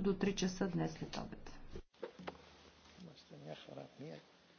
до 3 часа днес след обед.